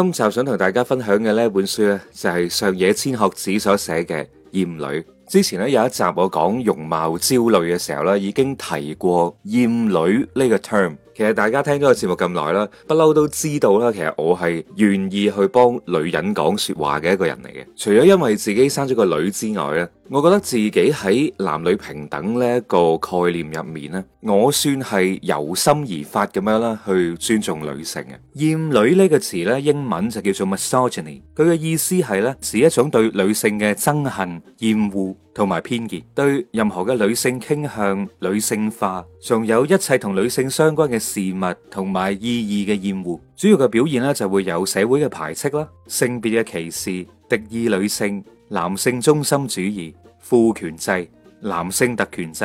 今集想同大家分享嘅呢本書咧，就係上野千鶴子所寫嘅《厭女》。之前咧有一集我講容貌焦慮嘅時候咧，已經提過厭女呢個 term。其實大家聽咗個節目咁耐啦，不嬲都知道啦。其實我係願意去幫女人講說話嘅一個人嚟嘅。除咗因為自己生咗個女之外咧，我覺得自己喺男女平等呢一個概念入面咧，我算係由心而發咁樣啦，去尊重女性嘅。厭女呢個詞咧，英文就叫做 misogyny，佢嘅意思係咧，是一種對女性嘅憎恨、厭惡。同埋偏見，對任何嘅女性傾向女性化，仲有一切同女性相關嘅事物同埋意義嘅厭惡，主要嘅表現呢，就會有社會嘅排斥啦，性別嘅歧視，敵意女性，男性中心主義，父權制，男性特權制，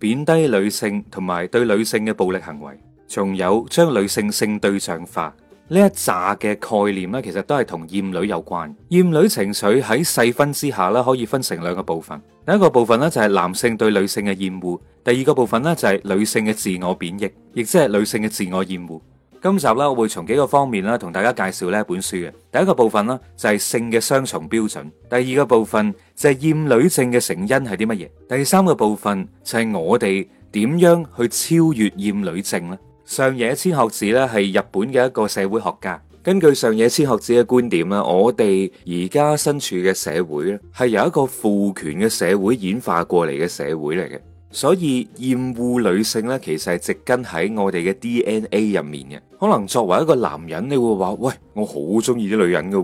貶低女性同埋對女性嘅暴力行為，仲有將女性性對象化。呢一扎嘅概念呢，其實都係同厭女有關。厭女情緒喺細分之下咧，可以分成兩個部分。第一個部分呢，就係男性對女性嘅厭惡，第二個部分呢，就係女性嘅自我貶抑，亦即係女性嘅自我厭惡。今集咧，我會從幾個方面咧，同大家介紹呢本書嘅。第一個部分呢，就係性嘅雙重標準，第二個部分就係厭女症嘅成因係啲乜嘢，第三個部分就係我哋點樣去超越厭女症呢？上野千鶴子咧係日本嘅一個社會學家。根據上野千鶴子嘅觀點啦，我哋而家身處嘅社會咧係由一個父權嘅社會演化過嚟嘅社會嚟嘅，所以厭惡女性咧其實係植根喺我哋嘅 DNA 入面嘅。可能作為一個男人，你會話喂，我好中意啲女人嘅，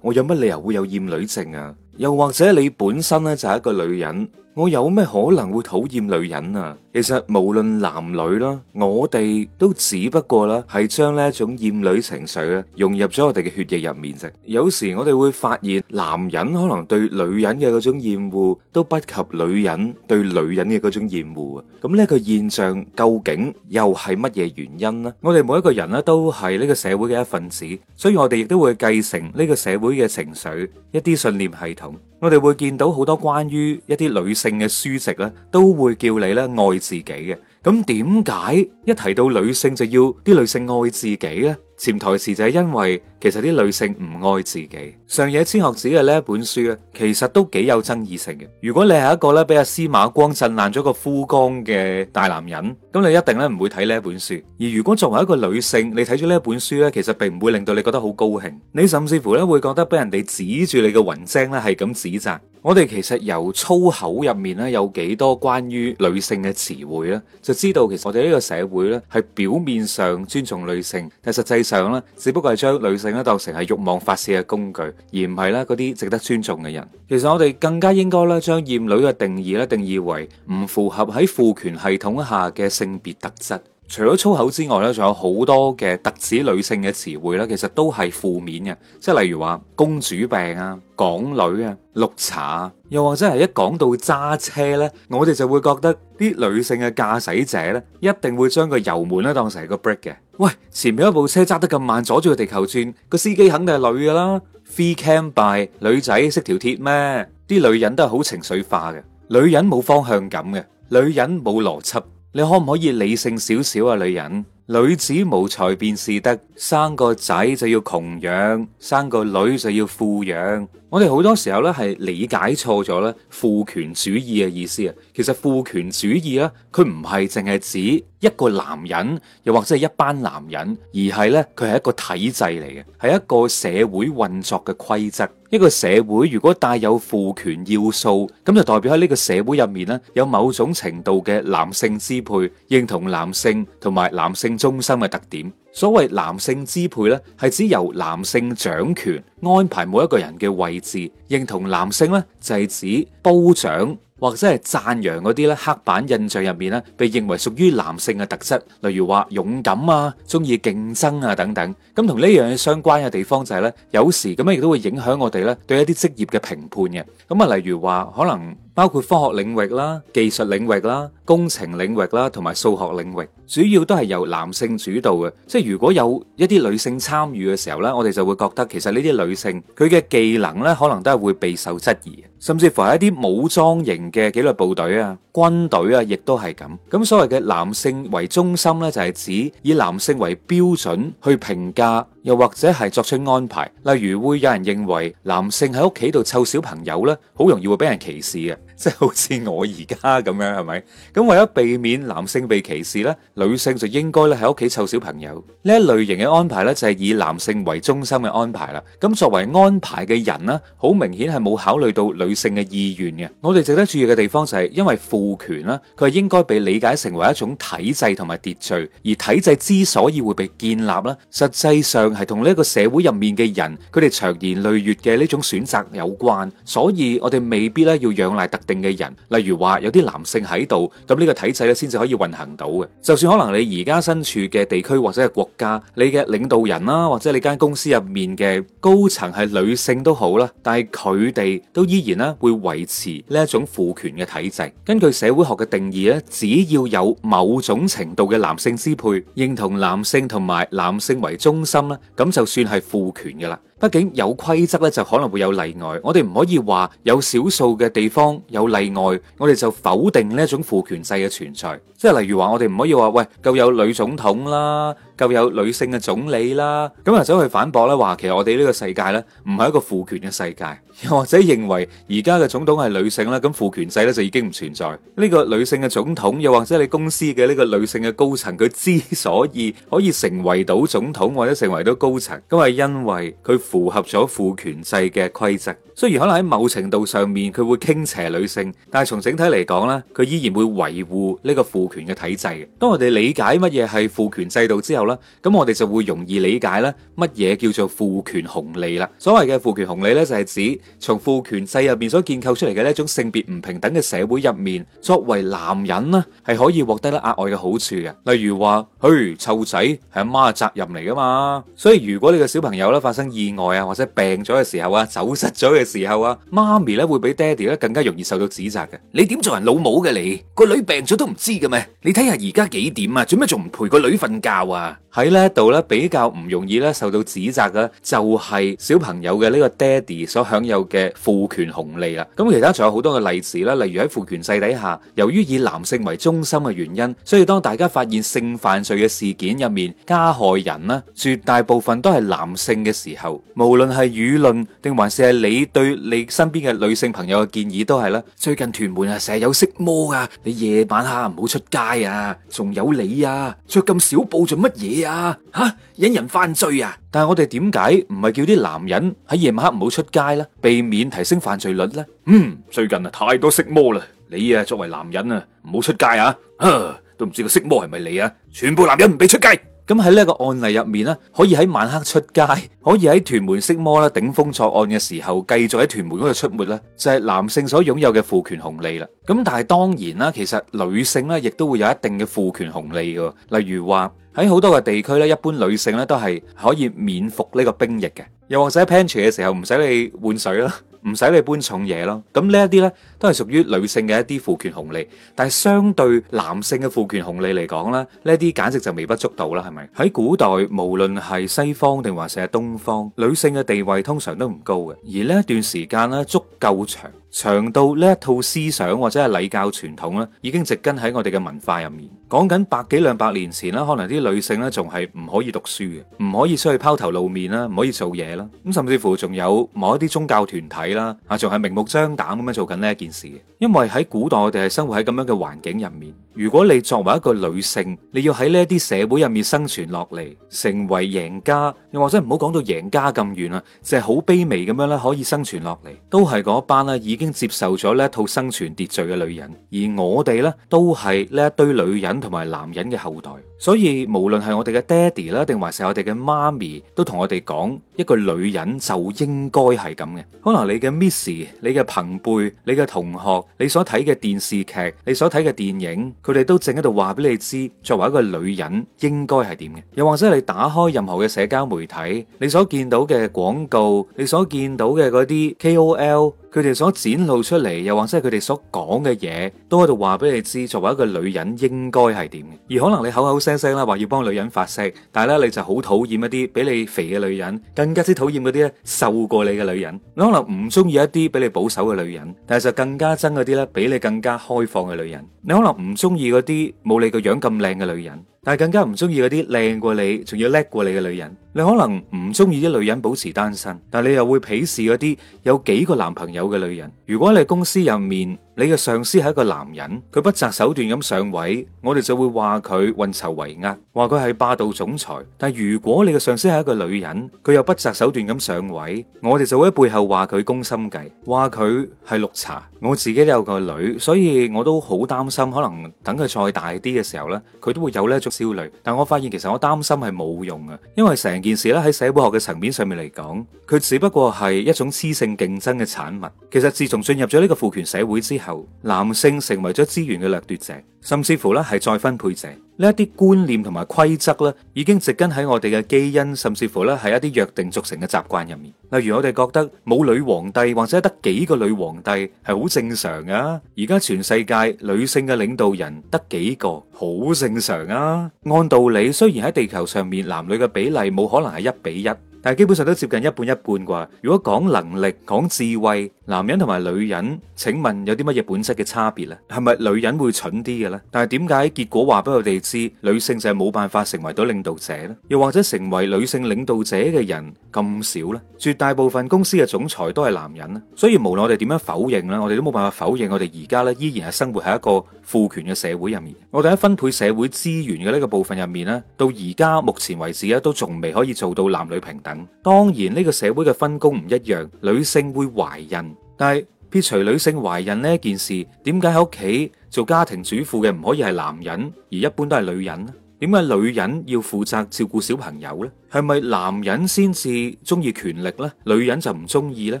我有乜理由會有厭女症啊？又或者你本身咧就係一個女人。我有咩可能會討厭女人啊？其實無論男女啦，我哋都只不過啦係將呢種厭女情緒啊融入咗我哋嘅血液入面啫。有時我哋會發現，男人可能對女人嘅嗰種厭惡，都不及女人對女人嘅嗰種厭惡啊。咁呢個現象究竟又係乜嘢原因呢？我哋每一個人咧都係呢個社會嘅一份子，所以我哋亦都會繼承呢個社會嘅情緒一啲信念系統，我哋會見到好多關於一啲女性嘅書籍咧，都會叫你咧，愛自己嘅。咁點解一提到女性就要啲女性愛自己呢？潛台詞就係因為。其實啲女性唔愛自己。上野千鶴子嘅呢一本書咧，其實都幾有爭議性嘅。如果你係一個咧俾阿司馬光震爛咗個枯缸嘅大男人，咁你一定咧唔會睇呢一本書。而如果作為一個女性，你睇咗呢一本書咧，其實並唔會令到你覺得好高興，你甚至乎咧會覺得俾人哋指住你嘅云蒸咧係咁指責。我哋其實由粗口入面咧有幾多關於女性嘅詞彙咧，就知道其實我哋呢個社會咧係表面上尊重女性，但係實際上咧只不過係將女性定咗當成係慾望發泄嘅工具，而唔係咧嗰啲值得尊重嘅人。其實我哋更加應該咧，將厭女嘅定義咧定義為唔符合喺父權系統下嘅性別特質。除咗粗口之外咧，仲有好多嘅特指女性嘅詞彙咧，其實都係負面嘅，即係例如話公主病啊、港女啊、綠茶、啊，又或者係一講到揸車呢，我哋就會覺得啲女性嘅駕駛者呢，一定會將個油門咧當成係個 brake 嘅。喂，前面一部車揸得咁慢，阻住個地球轉，個司機肯定係女噶啦。Free cam by 女仔識條鐵咩？啲女人都係好情緒化嘅，女人冇方向感嘅，女人冇邏輯。你可唔可以理性少少啊，女人？女子無才便是德，生個仔就要窮養，生個女就要富養。我哋好多時候咧係理解錯咗咧父權主義嘅意思啊。其實父權主義咧，佢唔係淨係指一個男人，又或者係一班男人，而係咧佢係一個體制嚟嘅，係一個社會運作嘅規則。一個社會如果帶有父權要素，咁就代表喺呢個社會入面咧有某種程度嘅男性支配，認同男性同埋男性。中心嘅特點，所謂男性支配咧，係指由男性掌權安排每一個人嘅位置，認同男性咧就係指褒獎。或者係讚揚嗰啲咧，刻板印象入面咧，被認為屬於男性嘅特質，例如話勇敢啊、中意競爭啊等等。咁同呢樣嘢相關嘅地方就係咧，有時咁樣亦都會影響我哋咧對一啲職業嘅評判嘅。咁啊，例如話可能包括科學領域啦、技術領域啦、工程領域啦同埋數學領域，主要都係由男性主導嘅。即係如果有一啲女性參與嘅時候咧，我哋就會覺得其實呢啲女性佢嘅技能咧，可能都係會備受質疑，甚至乎係一啲武裝型。嘅紀律部隊啊，軍隊啊，亦都係咁。咁所謂嘅男性為中心呢，就係指以男性為標準去評價，又或者係作出安排。例如會有人認為男性喺屋企度湊小朋友呢，好容易會俾人歧視嘅。即係好似我而家咁樣係咪？咁為咗避免男性被歧視咧，女性就應該咧喺屋企湊小朋友呢一類型嘅安排咧，就係以男性為中心嘅安排啦。咁作為安排嘅人咧，好明顯係冇考慮到女性嘅意願嘅。我哋值得注意嘅地方就係，因為父權啦，佢係應該被理解成為一種體制同埋秩序，而體制之所以會被建立咧，實際上係同呢一個社會入面嘅人佢哋長年累月嘅呢種選擇有關。所以我哋未必咧要仰賴特定嘅人，例如話有啲男性喺度，咁、這、呢個體制咧先至可以運行到嘅。就算可能你而家身處嘅地區或者係國家，你嘅領導人啦，或者你間公司入面嘅高層係女性都好啦，但係佢哋都依然咧會維持呢一種父權嘅體制。根據社會學嘅定義咧，只要有某種程度嘅男性支配，認同男性同埋男性為中心咧，咁就算係父權嘅啦。畢竟有規則咧，就可能會有例外。我哋唔可以話有少數嘅地方有例外，我哋就否定呢一種父權制嘅存在。即係例如話，我哋唔可以話喂夠有女總統啦。夠有女性嘅總理啦，咁或者走去反駁咧，話其實我哋呢個世界咧唔係一個父權嘅世界，又或者認為而家嘅總統係女性啦，咁父權制咧就已經唔存在。呢個女性嘅總統，又或者你公司嘅呢個女性嘅高層，佢之所以可以成為到總統或者成為到高層，咁係因為佢符合咗父權制嘅規則。雖然可能喺某程度上面佢會傾斜女性，但係從整體嚟講咧，佢依然會維護呢個父權嘅體制。當我哋理解乜嘢係父權制度之後，啦，咁我哋就會容易理解咧，乜嘢叫做父權紅利啦？所謂嘅父權紅利咧，就係指從父權制入邊所建構出嚟嘅呢一種性別唔平等嘅社會入面，作為男人咧係可以獲得咧額外嘅好處嘅。例如話，嘿，湊仔係阿媽嘅責任嚟噶嘛，所以如果你嘅小朋友咧發生意外啊，或者病咗嘅時候啊，走失咗嘅時候啊，媽咪咧會比爹哋咧更加容易受到指責嘅。你點做人老母嘅你？個女病咗都唔知嘅咩？你睇下而家幾點啊？做咩仲唔陪個女瞓覺啊？喺呢一度咧，比較唔容易咧受到指責嘅，就係小朋友嘅呢個爹哋所享有嘅父權紅利啦。咁其他仲有好多嘅例子啦，例如喺父權制底下，由於以男性為中心嘅原因，所以當大家發現性犯罪嘅事件入面加害人啦，絕大部分都係男性嘅時候，無論係輿論定還是係你對你身邊嘅女性朋友嘅建議都係咧，最近屯門啊，成日有色魔啊，你夜晚黑唔好出街啊，仲有你啊，著咁少布做乜嘢？你啊，吓引人犯罪啊！但係我哋點解唔係叫啲男人喺夜晚黑唔好出街呢？避免提升犯罪率呢？嗯，最近啊太多色魔啦，你啊作為男人啊唔好出街啊！吓都唔知個色魔係咪你啊？全部男人唔俾出街。咁喺呢一個案例入面呢，可以喺晚黑出街，可以喺屯門色魔啦頂風作案嘅時候，繼續喺屯門嗰度出沒咧，就係男性所擁有嘅父權紅利啦。咁但係當然啦，其實女性呢亦都會有一定嘅父權紅利噶，例如話。喺好多嘅地區咧，一般女性咧都係可以免服呢個兵役嘅，又或者 pantry 嘅時候唔使你換水咯，唔使你搬重嘢咯。咁呢一啲咧都係屬於女性嘅一啲父權紅利，但係相對男性嘅父權紅利嚟講咧，呢一啲簡直就微不足道啦，係咪？喺古代無論係西方定還是係東方，女性嘅地位通常都唔高嘅，而呢一段時間咧足夠長。長到呢一套思想或者係禮教傳統咧，已經植根喺我哋嘅文化入面。講緊百幾兩百年前啦，可能啲女性咧仲係唔可以讀書嘅，唔可以出去拋頭露面啦，唔可以做嘢啦。咁甚至乎仲有某一啲宗教團體啦，啊，仲係明目張膽咁樣做緊呢一件事。因為喺古代我哋係生活喺咁樣嘅環境入面。如果你作為一個女性，你要喺呢一啲社會入面生存落嚟，成為贏家，又或者唔好講到贏家咁遠啊，就係好卑微咁樣咧可以生存落嚟，都係嗰班啦已經。接受咗呢一套生存秩序嘅女人，而我哋咧，都係呢一堆女人同埋男人嘅後代。所以，無論係我哋嘅爹哋啦，定還是我哋嘅媽咪，都同我哋講，一個女人就應該係咁嘅。可能你嘅 Miss、你嘅朋輩、你嘅同學、你所睇嘅電視劇、你所睇嘅電影，佢哋都正喺度話俾你知，作為一個女人應該係點嘅。又或者你打開任何嘅社交媒體，你所見到嘅廣告、你所見到嘅嗰啲 KOL，佢哋所展露出嚟，又或者係佢哋所講嘅嘢，都喺度話俾你知，作為一個女人應該係點嘅。而可能你口口聲聲啦，話要幫女人發聲，但係咧你就好討厭一啲比你肥嘅女人，更加之討厭嗰啲咧瘦過你嘅女人。你可能唔中意一啲比你保守嘅女人，但係就更加憎嗰啲咧比你更加開放嘅女人。你可能唔中意嗰啲冇你個樣咁靚嘅女人。但係更加唔中意嗰啲靚過你，仲要叻過你嘅女人。你可能唔中意啲女人保持單身，但係你又會鄙視嗰啲有幾個男朋友嘅女人。如果你公司入面，你嘅上司係一個男人，佢不擇手段咁上位，我哋就會話佢運籌帷幄，話佢係霸道總裁。但如果你嘅上司係一個女人，佢又不擇手段咁上位，我哋就會喺背後話佢攻心計，話佢係綠茶。我自己都有個女，所以我都好擔心，可能等佢再大啲嘅時候呢，佢都會有呢一種焦慮，但我發現其實我擔心係冇用嘅，因為成件事咧喺社會學嘅層面上面嚟講，佢只不過係一種雌性競爭嘅產物。其實自從進入咗呢個父權社會之後，男性成為咗資源嘅掠奪者，甚至乎咧係再分配者。呢一啲觀念同埋規則咧，已經植根喺我哋嘅基因，甚至乎咧係一啲約定俗成嘅習慣入面。例如我哋覺得冇女皇帝或者得幾個女皇帝係好正常啊。而家全世界女性嘅領導人得幾個，好正常啊。按道理，雖然喺地球上面男女嘅比例冇可能係一比一。但係基本上都接近一半一半啩。如果講能力、講智慧，男人同埋女人，請問有啲乜嘢本質嘅差別咧？係咪女人會蠢啲嘅咧？但係點解結果話俾我哋知，女性就係冇辦法成為到領導者咧？又或者成為女性領導者嘅人咁少咧？絕大部分公司嘅總裁都係男人咧。所以無論我哋點樣否認咧，我哋都冇辦法否認我哋而家咧依然係生活喺一個父權嘅社會入面。我哋喺分配社會資源嘅呢個部分入面咧，到而家目前為止咧都仲未可以做到男女平等。當然呢個社會嘅分工唔一樣，女性會懷孕，但係撇除女性懷孕呢件事，點解喺屋企做家庭主婦嘅唔可以係男人，而一般都係女人呢？點解女人要負責照顧小朋友呢？係咪男人先至中意權力呢？女人就唔中意呢？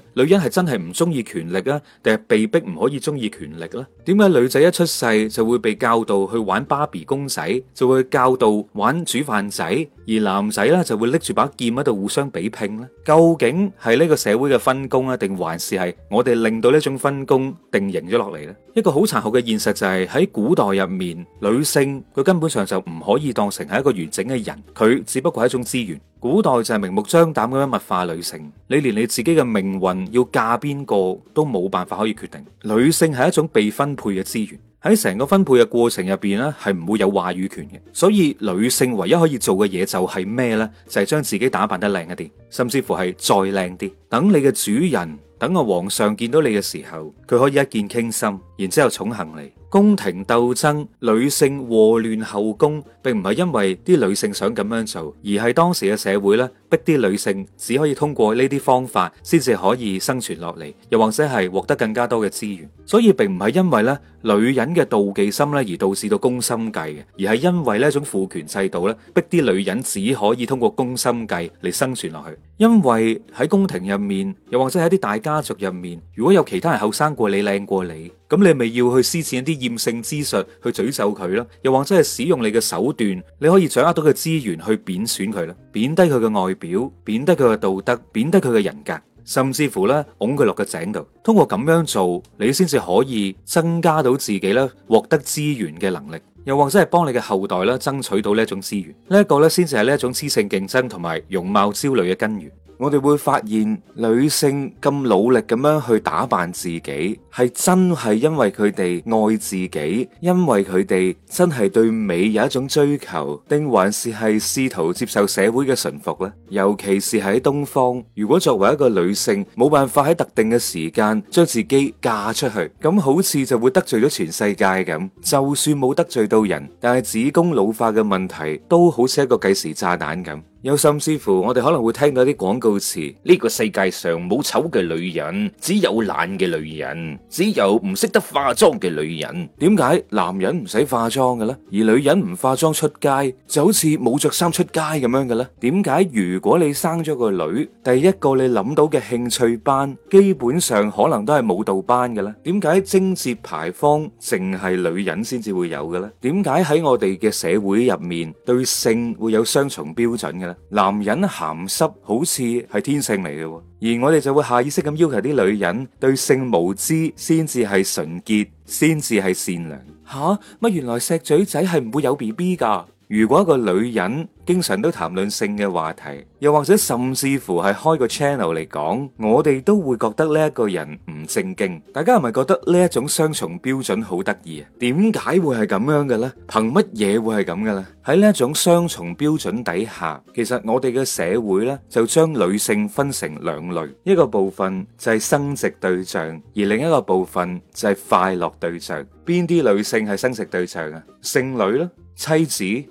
女人係真係唔中意權力呢？定係被逼唔可以中意權力呢？點解女仔一出世就會被教導去玩芭比公仔，就會教導玩煮飯仔，而男仔呢就會拎住把劍喺度互相比拼呢？究竟係呢個社會嘅分工啊，定還是係我哋令到呢種分工定型咗落嚟呢？一個好殘酷嘅現實就係喺古代入面，女性佢根本上就唔可以。以當成係一個完整嘅人，佢只不過係一種資源。古代就係明目張膽咁樣物化女性，你連你自己嘅命運要嫁邊個都冇辦法可以決定。女性係一種被分配嘅資源，喺成個分配嘅過程入邊咧係唔會有話語權嘅。所以女性唯一可以做嘅嘢就係咩呢？就係、是、將自己打扮得靚一啲，甚至乎係再靚啲。等你嘅主人，等個皇上見到你嘅時候，佢可以一見傾心。然之後寵幸嚟，宮廷鬥爭，女性禍亂後宮，並唔係因為啲女性想咁樣做，而係當時嘅社會咧，逼啲女性只可以通過呢啲方法先至可以生存落嚟，又或者係獲得更加多嘅資源。所以並唔係因為咧女人嘅妒忌心咧而導致到宮心計嘅，而係因為呢種父權制度咧，逼啲女人只可以通過宮心計嚟生存落去。因為喺宮廷入面，又或者喺啲大家族入面，如果有其他人後生過你，靚過你。咁你咪要去施展一啲厭勝之術去詛咒佢啦，又或者係使用你嘅手段，你可以掌握到嘅資源去貶損佢啦，貶低佢嘅外表，貶低佢嘅道德，貶低佢嘅人格，甚至乎咧，拱佢落個井度。通過咁樣做，你先至可以增加到自己咧獲得資源嘅能力，又或者係幫你嘅後代咧爭取到呢一種資源。這個、呢一個咧先至係呢一種雌性競爭同埋容貌焦慮嘅根源。我哋會發現女性咁努力咁樣去打扮自己，係真係因為佢哋愛自己，因為佢哋真係對美有一種追求，定還是係試圖接受社會嘅馴服呢？尤其是喺東方，如果作為一個女性冇辦法喺特定嘅時間將自己嫁出去，咁好似就會得罪咗全世界咁。就算冇得罪到人，但係子宮老化嘅問題都好似一個計時炸彈咁。有甚至乎，我哋可能會聽到啲廣告詞：呢個世界上冇醜嘅女人，只有懶嘅女人，只有唔識得化妝嘅女人。點解男人唔使化妝嘅咧？而女人唔化妝出街，就好似冇着衫出街咁樣嘅咧？點解如果你生咗個女，第一個你諗到嘅興趣班，基本上可能都係舞蹈班嘅咧？點解貞節牌坊淨係女人先至會有嘅咧？點解喺我哋嘅社會入面，對性會有雙重標準嘅咧？男人鹹濕好似係天性嚟嘅，而我哋就會下意識咁要求啲女人對性無知，先至係純潔，先至係善良。吓、啊，乜原來錫嘴仔係唔會有 BB 㗎？如果一個女人經常都談論性嘅話題，又或者甚至乎係開個 channel 嚟講，我哋都會覺得呢一個人唔正經。大家係咪覺得呢一種雙重標準好得意啊？點解會係咁樣嘅咧？憑乜嘢會係咁嘅咧？喺呢一種雙重標準底下，其實我哋嘅社會咧就將女性分成兩類，一個部分就係生殖對象，而另一個部分就係快樂對象。邊啲女性係生殖對象啊？聖女啦，妻子。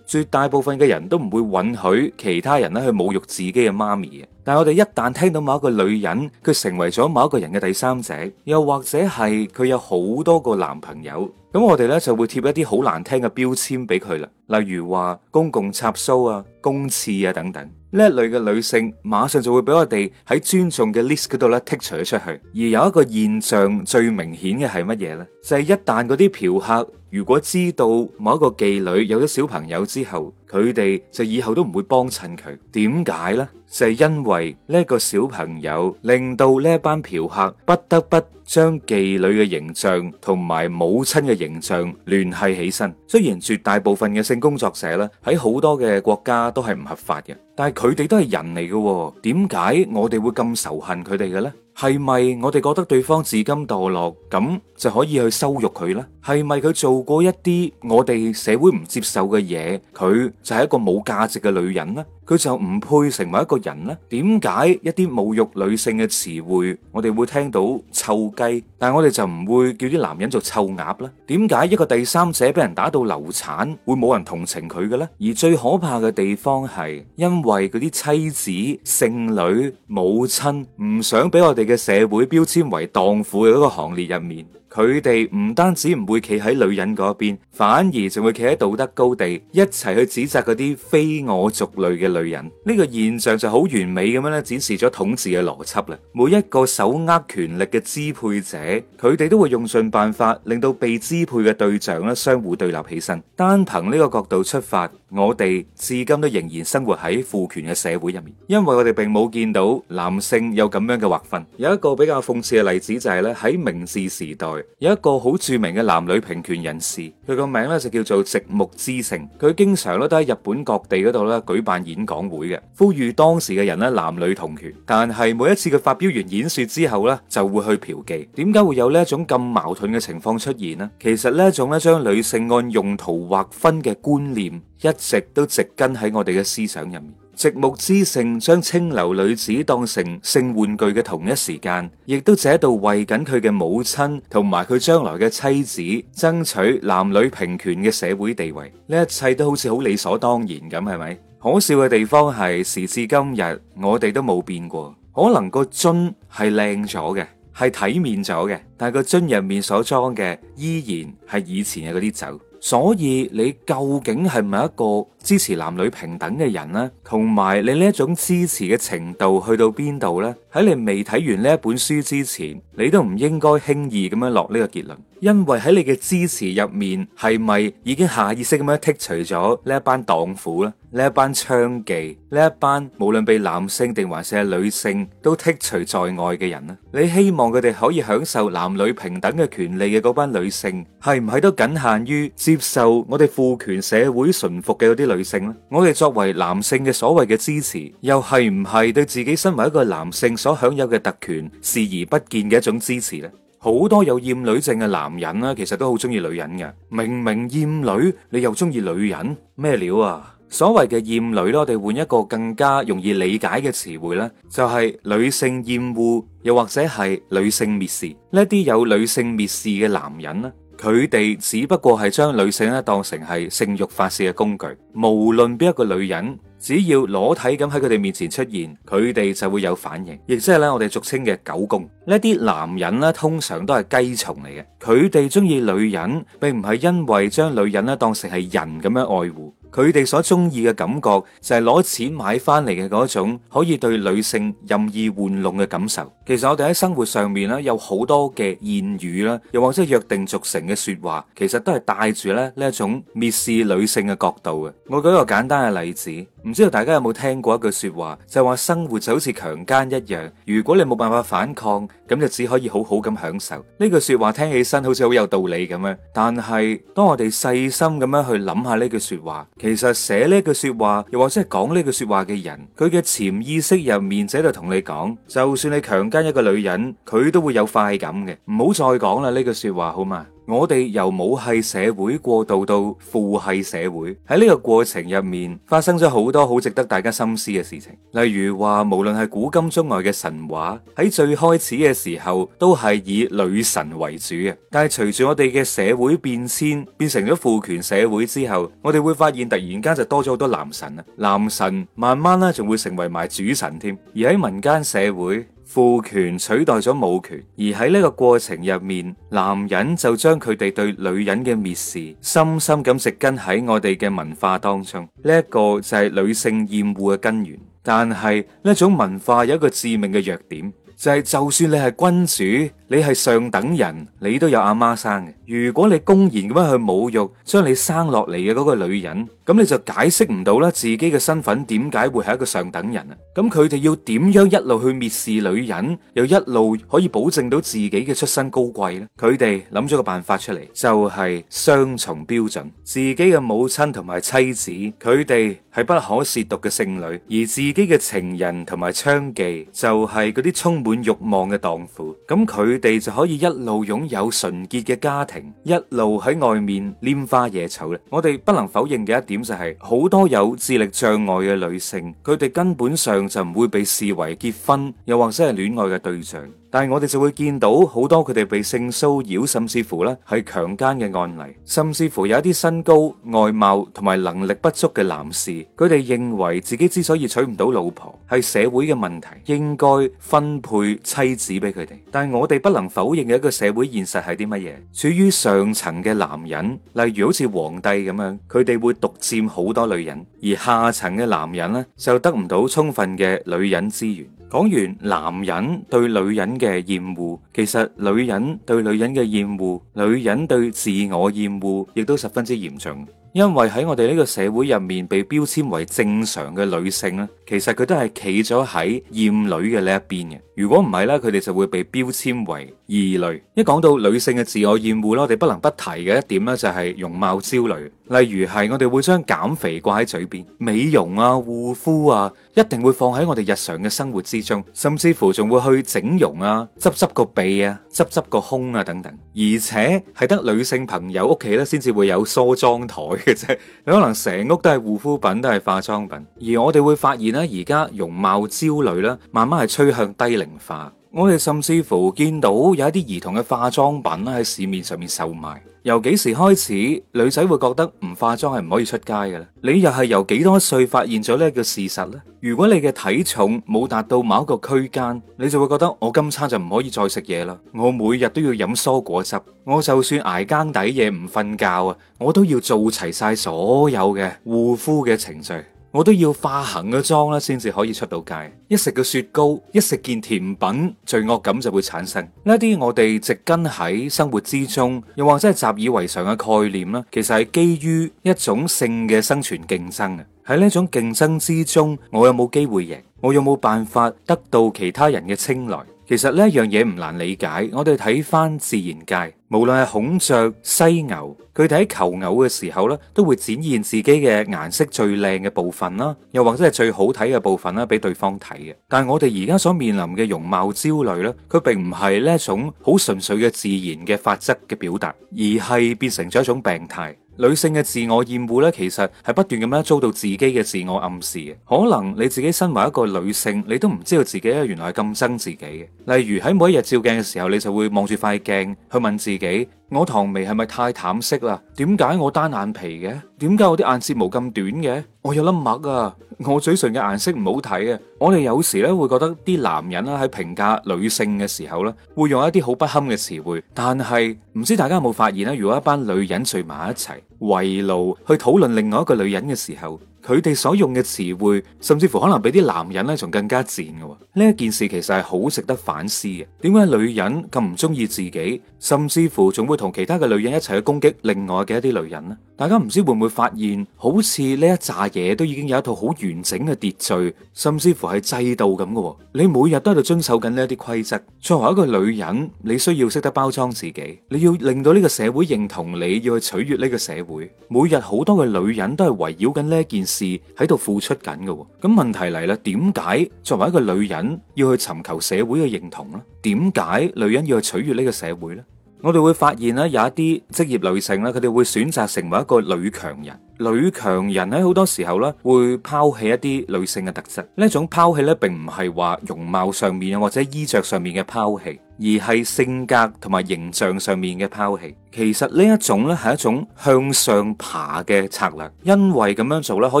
絕大部分嘅人都唔會允許其他人咧去侮辱自己嘅媽咪嘅，但係我哋一旦聽到某一個女人佢成為咗某一個人嘅第三者，又或者係佢有好多個男朋友，咁我哋呢就會貼一啲好難聽嘅標籤俾佢啦，例如話公共插蘇啊、公廁啊等等呢一類嘅女性，馬上就會俾我哋喺尊重嘅 list 度咧剔除咗出去。而有一個現象最明顯嘅係乜嘢呢？就係一旦嗰啲嫖客。如果知道某一個妓女有咗小朋友之後，佢哋就以後都唔會幫襯佢。點解呢？就係因為呢一個小朋友令到呢班嫖客不得不將妓女嘅形象同埋母親嘅形象聯繫起身。雖然絕大部分嘅性工作者咧喺好多嘅國家都係唔合法嘅，但係佢哋都係人嚟嘅。點解我哋會咁仇恨佢哋嘅咧？係咪我哋覺得對方自甘墮落，咁就可以去羞辱佢呢？係咪佢做過一啲我哋社會唔接受嘅嘢，佢就係一個冇價值嘅女人呢？佢就唔配成為一個人呢？點解一啲侮辱女性嘅詞彙，我哋會聽到臭雞，但係我哋就唔會叫啲男人做臭鴨呢？點解一個第三者俾人打到流產，會冇人同情佢嘅呢？而最可怕嘅地方係，因為嗰啲妻子、剩女、母親唔想俾我哋嘅社會標籤為蕩婦嘅嗰個行列入面。佢哋唔單止唔會企喺女人嗰邊，反而仲會企喺道德高地一齊去指責嗰啲非我族類嘅女人。呢個現象就好完美咁樣咧，展示咗統治嘅邏輯啦。每一個手握權力嘅支配者，佢哋都會用盡辦法令到被支配嘅對象咧相互對立起身。單憑呢個角度出發，我哋至今都仍然生活喺父權嘅社會入面，因為我哋並冇見到男性有咁樣嘅劃分。有一個比較諷刺嘅例子就係咧喺明治時代。有一個好著名嘅男女平權人士，佢個名咧就叫做植木枝盛。佢經常咧都喺日本各地嗰度咧舉辦演講會嘅，呼籲當時嘅人咧男女同權。但係每一次佢發表完演說之後咧，就會去嫖妓。點解會有呢一種咁矛盾嘅情況出現呢？其實呢一種咧將女性按用途劃分嘅觀念，一直都植根喺我哋嘅思想入面。直木之性將青樓女子當成性玩具嘅同一時間，亦都喺度為緊佢嘅母親同埋佢將來嘅妻子爭取男女平權嘅社會地位。呢一切都好似好理所當然咁，係咪？可笑嘅地方係時至今日，我哋都冇變過。可能個樽係靚咗嘅，係體面咗嘅，但係個樽入面所裝嘅依然係以前嘅嗰啲酒。所以你究竟係咪一個支持男女平等嘅人呢？同埋你呢一種支持嘅程度去到邊度呢？喺你未睇完呢一本書之前，你都唔應該輕易咁樣落呢個結論，因為喺你嘅支持入面，係咪已經下意識咁樣剔除咗呢一班蕩婦啦、呢一班娼妓、呢一班無論畀男性定還是係女性都剔除在外嘅人咧？你希望佢哋可以享受男女平等嘅權利嘅嗰班女性，係唔係都僅限於接受我哋父權社會馴服嘅嗰啲女性呢？我哋作為男性嘅所謂嘅支持，又係唔係對自己身為一個男性？所享有嘅特權視而不見嘅一種支持咧，好多有厭女症嘅男人啦，其實都好中意女人嘅。明明厭女，你又中意女人咩料啊？所謂嘅厭女咧，我哋換一個更加容易理解嘅詞彙咧，就係女性厭惡，又或者係女性蔑視。呢啲有女性蔑視嘅男人咧，佢哋只不過係將女性咧當成係性欲發洩嘅工具，無論邊一個女人。只要裸體咁喺佢哋面前出現，佢哋就會有反應，亦即係咧，我哋俗稱嘅狗公。呢啲男人咧，通常都係雞蟲嚟嘅，佢哋中意女人並唔係因為將女人咧當成係人咁樣愛護。佢哋所中意嘅感覺就係攞錢買翻嚟嘅嗰種可以對女性任意玩弄嘅感受。其實我哋喺生活上面咧有好多嘅諺語啦，又或者約定俗成嘅説話，其實都係帶住咧呢一種蔑視女性嘅角度嘅。我舉一個簡單嘅例子，唔知道大家有冇聽過一句説話，就係話生活就好似強奸一樣。如果你冇辦法反抗，咁就只可以好好咁享受。呢句説話聽起身好似好有道理咁樣，但係當我哋細心咁樣去諗下呢句説話。其實寫呢句說話，又或者係講呢句說話嘅人，佢嘅潛意識入面喺度同你講，就算你強姦一個女人，佢都會有快感嘅。唔好再講啦，呢句說話好嘛？我哋由母系社會過渡到父系社會，喺呢個過程入面發生咗好多好值得大家深思嘅事情，例如話無論係古今中外嘅神話，喺最開始嘅時候都係以女神為主嘅，但係隨住我哋嘅社會變遷，變成咗父權社會之後，我哋會發現突然間就多咗好多男神啊，男神慢慢啦仲會成為埋主神添，而喺民間社會。父權取代咗母權，而喺呢個過程入面，男人就將佢哋對女人嘅蔑視深深咁植根喺我哋嘅文化當中，呢、這、一個就係女性厭惡嘅根源。但係呢一種文化有一個致命嘅弱點，就係、是、就算你係君主。你係上等人，你都有阿媽生嘅。如果你公然咁樣去侮辱將你生落嚟嘅嗰個女人，咁你就解釋唔到啦，自己嘅身份點解會係一個上等人啊？咁佢哋要點樣一路去蔑視女人，又一路可以保證到自己嘅出身高貴咧？佢哋諗咗個辦法出嚟，就係雙重標準：自己嘅母親同埋妻子，佢哋係不可褻瀆嘅聖女；而自己嘅情人同埋娼妓，就係嗰啲充滿慾望嘅蕩婦。咁佢地就可以一路擁有純潔嘅家庭，一路喺外面拈花惹草咧。我哋不能否認嘅一點就係，好多有智力障礙嘅女性，佢哋根本上就唔會被視為結婚又或者係戀愛嘅對象。但係我哋就會見到好多佢哋被性騷擾，甚至乎呢係強姦嘅案例，甚至乎有一啲身高、外貌同埋能力不足嘅男士，佢哋認為自己之所以娶唔到老婆，係社會嘅問題，應該分配妻子俾佢哋。但係我哋不能否認嘅一個社會現實係啲乜嘢？處於上層嘅男人，例如好似皇帝咁樣，佢哋會獨佔好多女人；而下層嘅男人呢，就得唔到充分嘅女人資源。講完男人對女人，嘅厭惡，其實女人對女人嘅厭惡，女人對自我厭惡，亦都十分之嚴重。因為喺我哋呢個社會入面，被標籤為正常嘅女性咧。其實佢都係企咗喺厭女嘅呢一邊嘅。如果唔係咧，佢哋就會被標籤為異類。一講到女性嘅自我厭惡啦，我哋不能不提嘅一點咧，就係容貌焦慮。例如係我哋會將減肥掛喺嘴邊，美容啊、護膚啊，一定會放喺我哋日常嘅生活之中。甚至乎仲會去整容啊、執執個鼻啊、執執個胸啊等等。而且係得女性朋友屋企咧，先至會有梳妝台嘅啫。你可能成屋都係護膚品，都係化妝品。而我哋會發現咧。而家容貌焦慮啦，慢慢係趨向低齡化。我哋甚至乎見到有一啲兒童嘅化妝品喺市面上面售賣。由幾時開始，女仔會覺得唔化妝係唔可以出街嘅咧？你又係由幾多歲發現咗呢一個事實呢？如果你嘅體重冇達到某一個區間，你就會覺得我今餐就唔可以再食嘢啦。我每日都要飲蔬果汁。我就算捱更抵夜唔瞓覺啊，我都要做齊晒所有嘅護膚嘅程序。我都要化恒嘅妝啦，先至可以出到街。一食個雪糕，一食件甜品，罪惡感就會產生。呢啲我哋植根喺生活之中，又或者係習以為常嘅概念啦。其實係基於一種性嘅生存競爭。喺呢種競爭之中，我有冇機會贏？我有冇辦法得到其他人嘅青睞？其實呢一樣嘢唔難理解。我哋睇翻自然界。無論係孔雀、犀牛，佢哋喺求偶嘅時候咧，都會展現自己嘅顏色最靚嘅部分啦，又或者係最好睇嘅部分啦，俾對方睇嘅。但係我哋而家所面臨嘅容貌焦慮咧，佢並唔係呢一種好純粹嘅自然嘅法則嘅表達，而係變成咗一種病態。女性嘅自我厭惡呢，其實係不斷咁樣遭到自己嘅自我暗示嘅。可能你自己身為一個女性，你都唔知道自己原來係咁憎自己嘅。例如喺每一日照鏡嘅時候，你就會望住塊鏡去問自己。我糖眉係咪太淡色啦？點解我單眼皮嘅？點解我啲眼睫毛咁短嘅？我有粒癦啊！我嘴唇嘅顏色唔好睇啊！我哋有時咧會覺得啲男人咧喺評價女性嘅時候咧會用一啲好不堪嘅詞彙，但係唔知大家有冇發現咧？如果一班女人聚埋一齊。圍爐去討論另外一個女人嘅時候，佢哋所用嘅詞彙，甚至乎可能比啲男人咧仲更加賤嘅。呢一件事其實係好值得反思嘅。點解女人咁唔中意自己，甚至乎仲會同其他嘅女人一齊去攻擊另外嘅一啲女人呢？大家唔知會唔會發現，好似呢一紮嘢，都已經有一套好完整嘅秩序，甚至乎係制度咁嘅。你每日都喺度遵守緊呢啲規則。作為一個女人，你需要識得包裝自己，你要令到呢個社會認同你，要去取悅呢個社會。每日好多嘅女人都係圍繞緊呢件事喺度付出緊嘅。咁問題嚟啦，點解作為一個女人要去尋求社會嘅認同呢？點解女人要去取悅呢個社會呢？我哋會發現咧，有一啲職業女性咧，佢哋會選擇成為一個女強人。女強人喺好多時候咧，會拋棄一啲女性嘅特質。呢種拋棄咧，並唔係話容貌上面或者衣着上面嘅拋棄，而係性格同埋形象上面嘅拋棄。其實呢一種咧係一種向上爬嘅策略，因為咁樣做咧可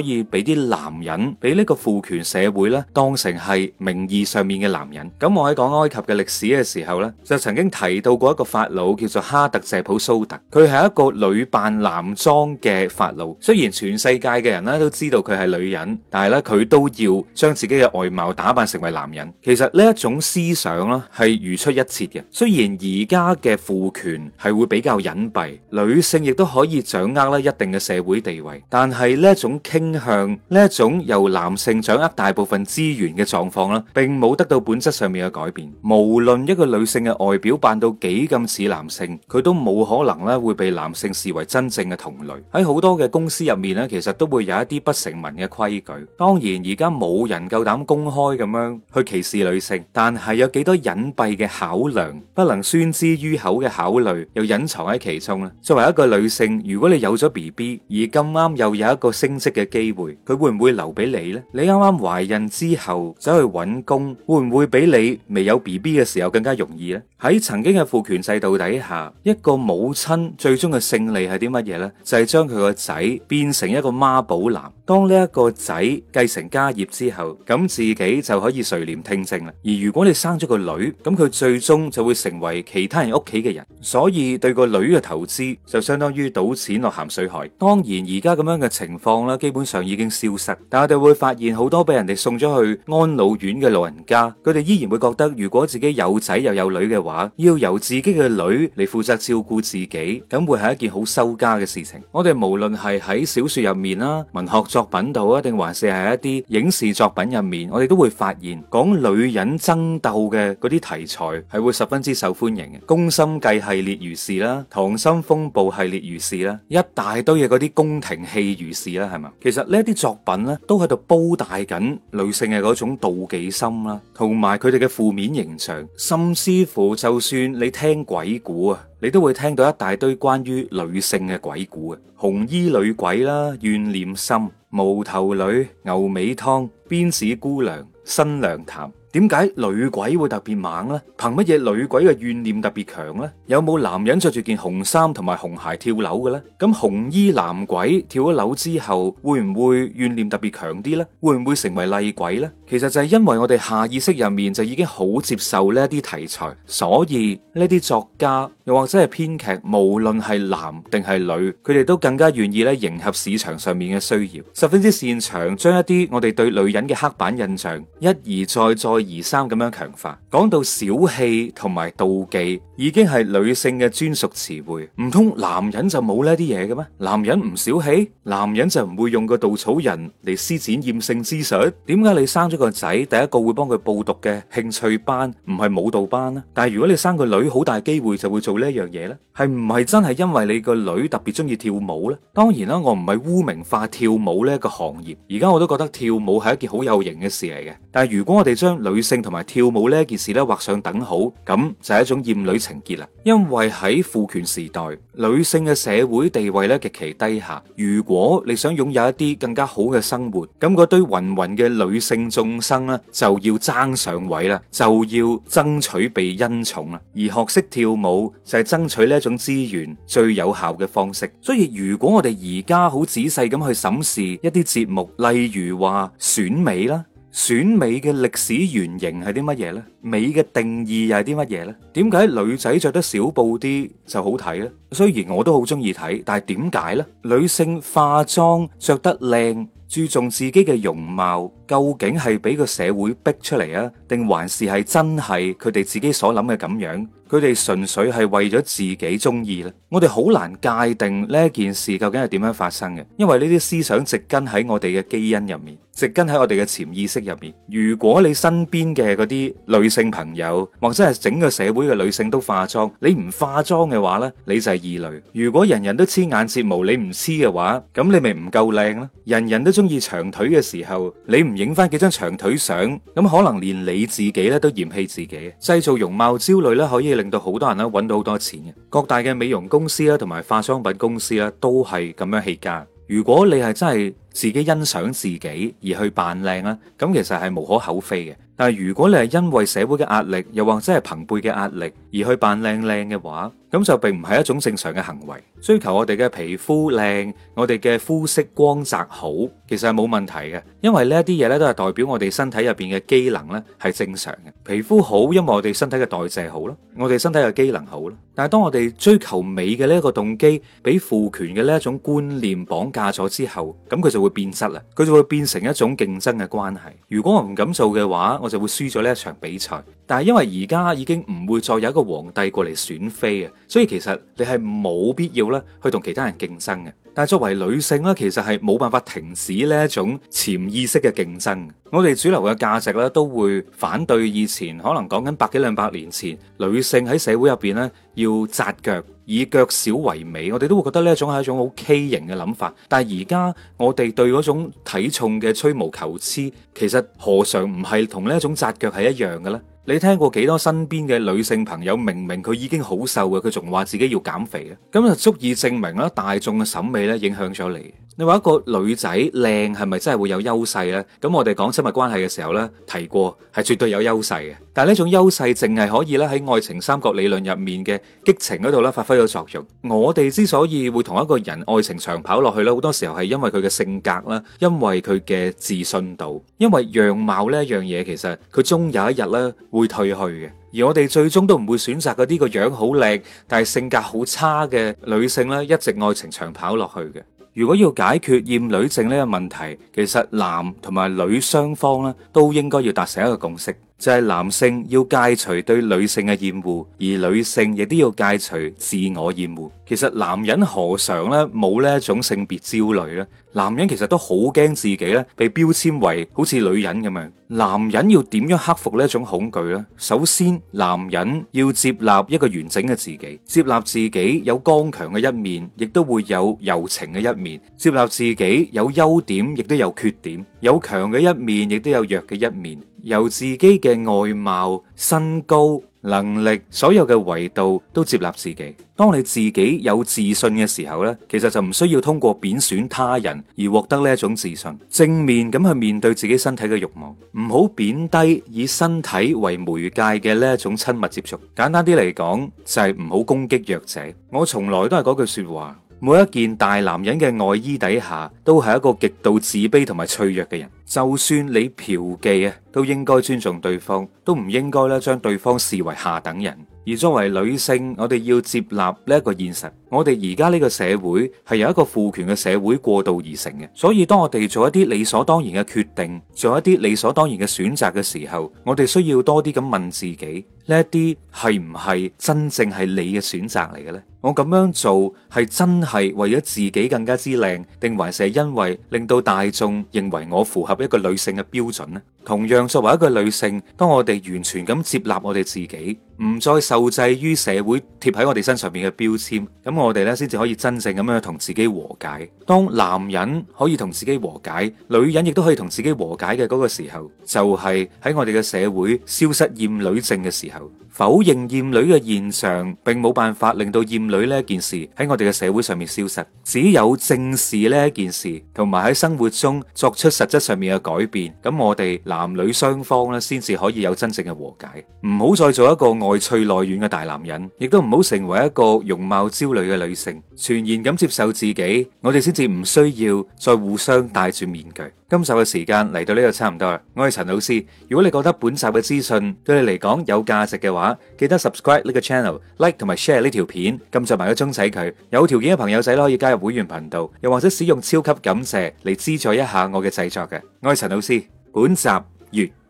以俾啲男人，俾呢個父權社會咧當成係名義上面嘅男人。咁、嗯、我喺講埃及嘅歷史嘅時候呢就曾經提到過一個法老叫做哈特謝普蘇特，佢係一個女扮男裝嘅法老。雖然全世界嘅人咧都知道佢係女人，但係呢，佢都要將自己嘅外貌打扮成為男人。其實呢一種思想呢，係如出一轍嘅。雖然而家嘅父權係會比較隱蔽，女性亦都可以掌握咧，一定嘅社會地位，但係呢一種傾向，呢一種由男性掌握大部分資源嘅狀況咧，並冇得到本質上面嘅改變。無論一個女性嘅外表扮到幾咁似男性，佢都冇可能咧會被男性視為真正嘅同類。喺好多嘅公司入面咧，其實都會有一啲不成文嘅規矩。當然而家冇人夠膽公開咁樣去歧視女性，但係有幾多隱蔽嘅考量，不能宣之於口嘅考慮，又隱藏喺喺其中咧，作為一個女性，如果你有咗 BB，而咁啱又有一個升職嘅機會，佢會唔會留俾你呢？你啱啱懷孕之後走去揾工，會唔會比你未有 BB 嘅時候更加容易呢？喺曾經嘅父權制度底下，一個母親最終嘅勝利係啲乜嘢呢？就係將佢個仔變成一個媽寶男。當呢一個仔繼承家業之後，咁自己就可以垂簾聽政啦。而如果你生咗個女，咁佢最終就會成為其他人屋企嘅人。所以對個女嘅投資就相當於賭錢落鹹水海。當然而家咁樣嘅情況啦，基本上已經消失。但我哋會發現好多俾人哋送咗去安老院嘅老人家，佢哋依然會覺得，如果自己有仔又有女嘅話，要由自己嘅女嚟負責照顧自己，咁會係一件好羞家嘅事情。我哋無論係喺小說入面啦，文學作。作品度啊，定還是係一啲影視作品入面，我哋都會發現，講女人爭鬥嘅嗰啲題材係會十分之受歡迎嘅，《宮心計》系列如是啦，《溏心風暴》系列如是啦，一大堆嘅嗰啲宮廷戲如是啦，係嘛？其實呢一啲作品呢，都喺度煲大緊女性嘅嗰種妒忌心啦，同埋佢哋嘅負面形象，甚至乎就算你聽鬼故啊。你都會聽到一大堆關於女性嘅鬼故啊，紅衣女鬼啦、怨念心、無頭女、牛尾湯、辮子姑娘、新娘潭。點解女鬼會特別猛呢？憑乜嘢女鬼嘅怨念特別強呢？有冇男人着住件紅衫同埋紅鞋跳樓嘅呢？咁紅衣男鬼跳咗樓之後，會唔會怨念特別強啲呢？會唔會成為厲鬼呢？其實就係因為我哋下意識入面就已經好接受呢一啲題材，所以呢啲作家又或者係編劇，無論係男定係女，佢哋都更加願意咧迎合市場上面嘅需要，十分之擅長將一啲我哋對女人嘅刻板印象一而再再而三咁樣強化，講到小氣同埋妒忌，已經係女性嘅專屬詞彙，唔通男人就冇呢啲嘢嘅咩？男人唔小氣，男人就唔會用個稻草人嚟施展厭性之術。點解你生咗個仔，第一個會幫佢報讀嘅興趣班唔係舞蹈班呢？但係如果你生個女，好大機會就會做呢一樣嘢呢？係唔係真係因為你個女特別中意跳舞呢？當然啦，我唔係污名化跳舞呢一個行業，而家我都覺得跳舞係一件好有型嘅事嚟嘅。但係如果我哋將女……女性同埋跳舞呢一件事咧，畫上等號，咁就係一種厭女情結啦。因為喺父權時代，女性嘅社會地位咧極其低下。如果你想擁有一啲更加好嘅生活，咁嗰堆芸芸嘅女性眾生咧就要爭上位啦，就要爭取被恩寵啦。而學識跳舞就係爭取呢一種資源最有效嘅方式。所以如果我哋而家好仔細咁去審視一啲節目，例如話選美啦。選美嘅歷史原型係啲乜嘢呢？美嘅定義又係啲乜嘢呢？點解女仔着得少布啲就好睇呢？雖然我都好中意睇，但係點解呢？女性化妝着得靚，注重自己嘅容貌，究竟係俾個社會逼出嚟啊？定還是係真係佢哋自己所諗嘅咁樣？佢哋純粹係爲咗自己中意呢？我哋好難界定呢件事究竟係點樣發生嘅，因爲呢啲思想植根喺我哋嘅基因入面。直根喺我哋嘅潛意識入面。如果你身邊嘅嗰啲女性朋友，或者係整個社會嘅女性都化妝，你唔化妝嘅話咧，你就係異類。如果人人都黐眼睫毛，你唔黐嘅話，咁你咪唔夠靚囉。人人都中意長腿嘅時候，你唔影翻幾張長腿相，咁可能連你自己咧都嫌棄自己。製造容貌焦慮咧，可以令到好多人咧搵到好多錢嘅。各大嘅美容公司啦，同埋化妝品公司啦，都係咁樣起家。如果你係真係自己欣賞自己而去扮靚吖，咁其實係無可厚非嘅。但係如果你係因為社會嘅壓力，又或者係朋輩嘅壓力而去扮靚靚嘅話，咁就並唔係一種正常嘅行為。追求我哋嘅皮膚靚，我哋嘅膚色光澤好，其實係冇問題嘅，因為呢一啲嘢咧都係代表我哋身體入邊嘅機能咧係正常嘅。皮膚好，因為我哋身體嘅代謝好啦，我哋身體嘅機能好啦。但係當我哋追求美嘅呢一個動機，俾父權嘅呢一種觀念綁架咗之後，咁佢就會變質啦，佢就會變成一種競爭嘅關係。如果我唔敢做嘅話，我就會輸咗呢一場比賽。但係因為而家已經唔會再有一個皇帝過嚟選妃啊。所以其實你係冇必要咧去同其他人競爭嘅。但係作為女性咧，其實係冇辦法停止呢一種潛意識嘅競爭。我哋主流嘅價值咧都會反對以前，可能講緊百幾兩百年前，女性喺社會入邊咧要紮腳，以腳小為美。我哋都會覺得呢一種係一種好畸形嘅諗法。但係而家我哋對嗰種體重嘅吹毛求疵，其實何嘗唔係同呢一種紮腳係一樣嘅咧？你聽過幾多身邊嘅女性朋友，明明佢已經好瘦嘅，佢仲話自己要減肥咧？咁就足以證明啦，大眾嘅審美咧影響咗你。你話一個女仔靚係咪真係會有優勢呢？咁我哋講親密關係嘅時候呢，提過係絕對有優勢嘅。但係呢種優勢淨係可以咧喺愛情三角理論入面嘅激情嗰度咧發揮咗作用。我哋之所以會同一個人愛情長跑落去呢，好多時候係因為佢嘅性格啦，因為佢嘅自信度，因為樣貌呢一樣嘢，其實佢終有一日呢會退去嘅。而我哋最終都唔會選擇嗰啲個樣好靚但係性格好差嘅女性呢，一直愛情長跑落去嘅。如果要解決厭女症呢個問題，其實男同埋女雙方呢，都應該要達成一個共識。就係男性要戒除對女性嘅厭惡，而女性亦都要戒除自我厭惡。其實男人何嘗咧冇呢一種性別焦慮咧？男人其實都好驚自己咧被標籤為好似女人咁樣。男人要點樣克服呢一種恐懼呢？首先，男人要接納一個完整嘅自己，接納自己有剛強嘅一面，亦都會有柔情嘅一面；接納自己有優點，亦都有缺點，有強嘅一面，亦都有弱嘅一面。由自己嘅外貌、身高、能力，所有嘅維度都接納自己。當你自己有自信嘅時候呢，其實就唔需要通過貶損他人而獲得呢一種自信。正面咁去面對自己身體嘅欲望，唔好貶低以身體為媒介嘅呢一種親密接觸。簡單啲嚟講，就係唔好攻擊弱者。我從來都係嗰句說話。每一件大男人嘅外衣底下，都係一個極度自卑同埋脆弱嘅人。就算你嫖妓啊，都應該尊重對方，都唔應該咧將對方視為下等人。而作為女性，我哋要接納呢一個現實。我哋而家呢個社會係由一個父權嘅社會過渡而成嘅，所以當我哋做一啲理所當然嘅決定，做一啲理所當然嘅選擇嘅時候，我哋需要多啲咁問自己：呢一啲係唔係真正係你嘅選擇嚟嘅呢？我咁樣做係真係為咗自己更加之靚，定還是係因為令到大眾認為我符合一個女性嘅標準呢？同樣作為一個女性，當我哋完全咁接納我哋自己，唔再受制於社會貼喺我哋身上面嘅標籤，咁我哋咧先至可以真正咁樣同自己和解。當男人可以同自己和解，女人亦都可以同自己和解嘅嗰個時候，就係喺我哋嘅社會消失厭女症嘅時候。否認厭女嘅現象，並冇辦法令到厭女呢一件事喺我哋嘅社會上面消失。只有正視呢一件事，同埋喺生活中作出實質上面嘅改變，咁我哋男女雙方咧先至可以有真正嘅和解。唔好再做一個外脆內軟嘅大男人，亦都唔好成為一個容貌焦慮嘅。嘅女性全然咁接受自己，我哋先至唔需要再互相戴住面具。今集嘅時間嚟到呢度差唔多啦。我係陳老師，如果你覺得本集嘅資訊對你嚟講有價值嘅話，記得 subscribe 呢個 channel、like 同埋 share 呢條片，撳著埋個鐘仔佢。有條件嘅朋友仔可以加入會員頻道，又或者使用超級感謝嚟資助一下我嘅製作嘅。我係陳老師，本集完。